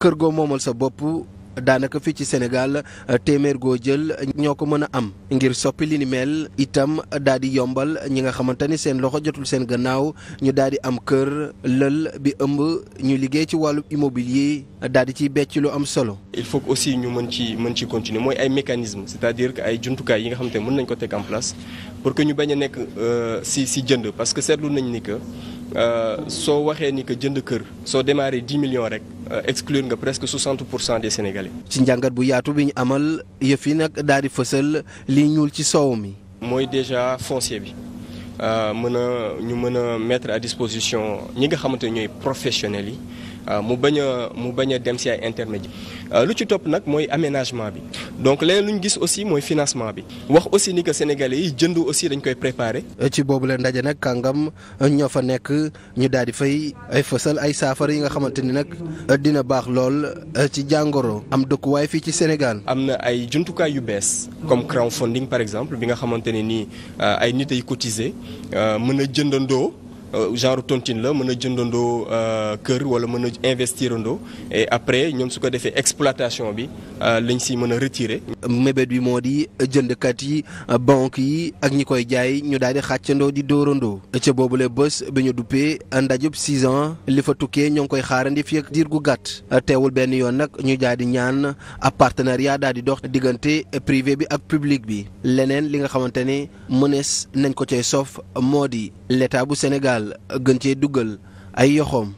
kër goo moomal sa bopp daanaka fii ci Sénégal euh, téeméer goo jël ñoo ko mën a am ngir soppi li ni mel itam daal di yombal ñi nga xamante ni seen loxo jotul seen gannaaw ñu daal di am kër lël bi ëmb ñu liggéey ci wàllu immobilier daal di ciy becc lu am solo. il faut que aussi ñu mën ci mën ci continuer mooy ay mécanismes c'est-à-dire que ay jumtukaay yi nga xamante ne mën nañ ko teg en place pour que ñu bañ a nekk euh, si si jënd parce que seetlu nañ ni que euh, soo waxee ni que jënd kër soo démarré 10 millions rek. Euh, exclure nga presque 60 pour cent de sénégalais. ci njàngat bu yaatu bi ñu amal yëf yi nag daal di fësal li ñuul ci soow mi. mooy déjà foncier bi euh, mën a ñu mën a mettre à disposition ñi nga xamante ne ñooy professionnels yi. Euh, mu bañ a mu bañ a dem si ay intermédiaires euh, lu ci topp nag mooy aménagement bi donc leneen lu ñu gis aussi mooy financement bi wax aussi ni que sénégalais yi jënd aussi dañ koy préparer. Euh, ci boobu la ndaje nag kàngam ñoo fa nekk ñu daal di fay ay fësal ay saafara yi nga xamante ni nag dina baax lool ci jàngoro am dëkkuwaay fii ci Sénégal. am na ay jumtukaay yu bees comme crowdfunding par exemple bi nga xamante ne nii ay nit ay cotiser mën a jëndandoo. Euh, genre tontine la mën a jëndandoo euh, kër wala mën a investirandoo et après ñoom su ko defee exploitation bi euh, lañ si mën a retirer. mébét bi moo di jëndkat yi banque yi ak ñi koy jaay ñu daal di xàccandoo di dóorandoo ca boobule bés bi ñu duppee ndajub 6 ans li fa tukkee ñoo ngi koy xaarandi fii ak diir gu gàtt teewul benn yoon nag ñu daal di ñaan ab partenariat daal di dox diggante privé bi ak public bi leneen li nga xamante ne mënees nañ ko cay sof moo di l'état Sénégal. daal gën cee duggal ay yoxoom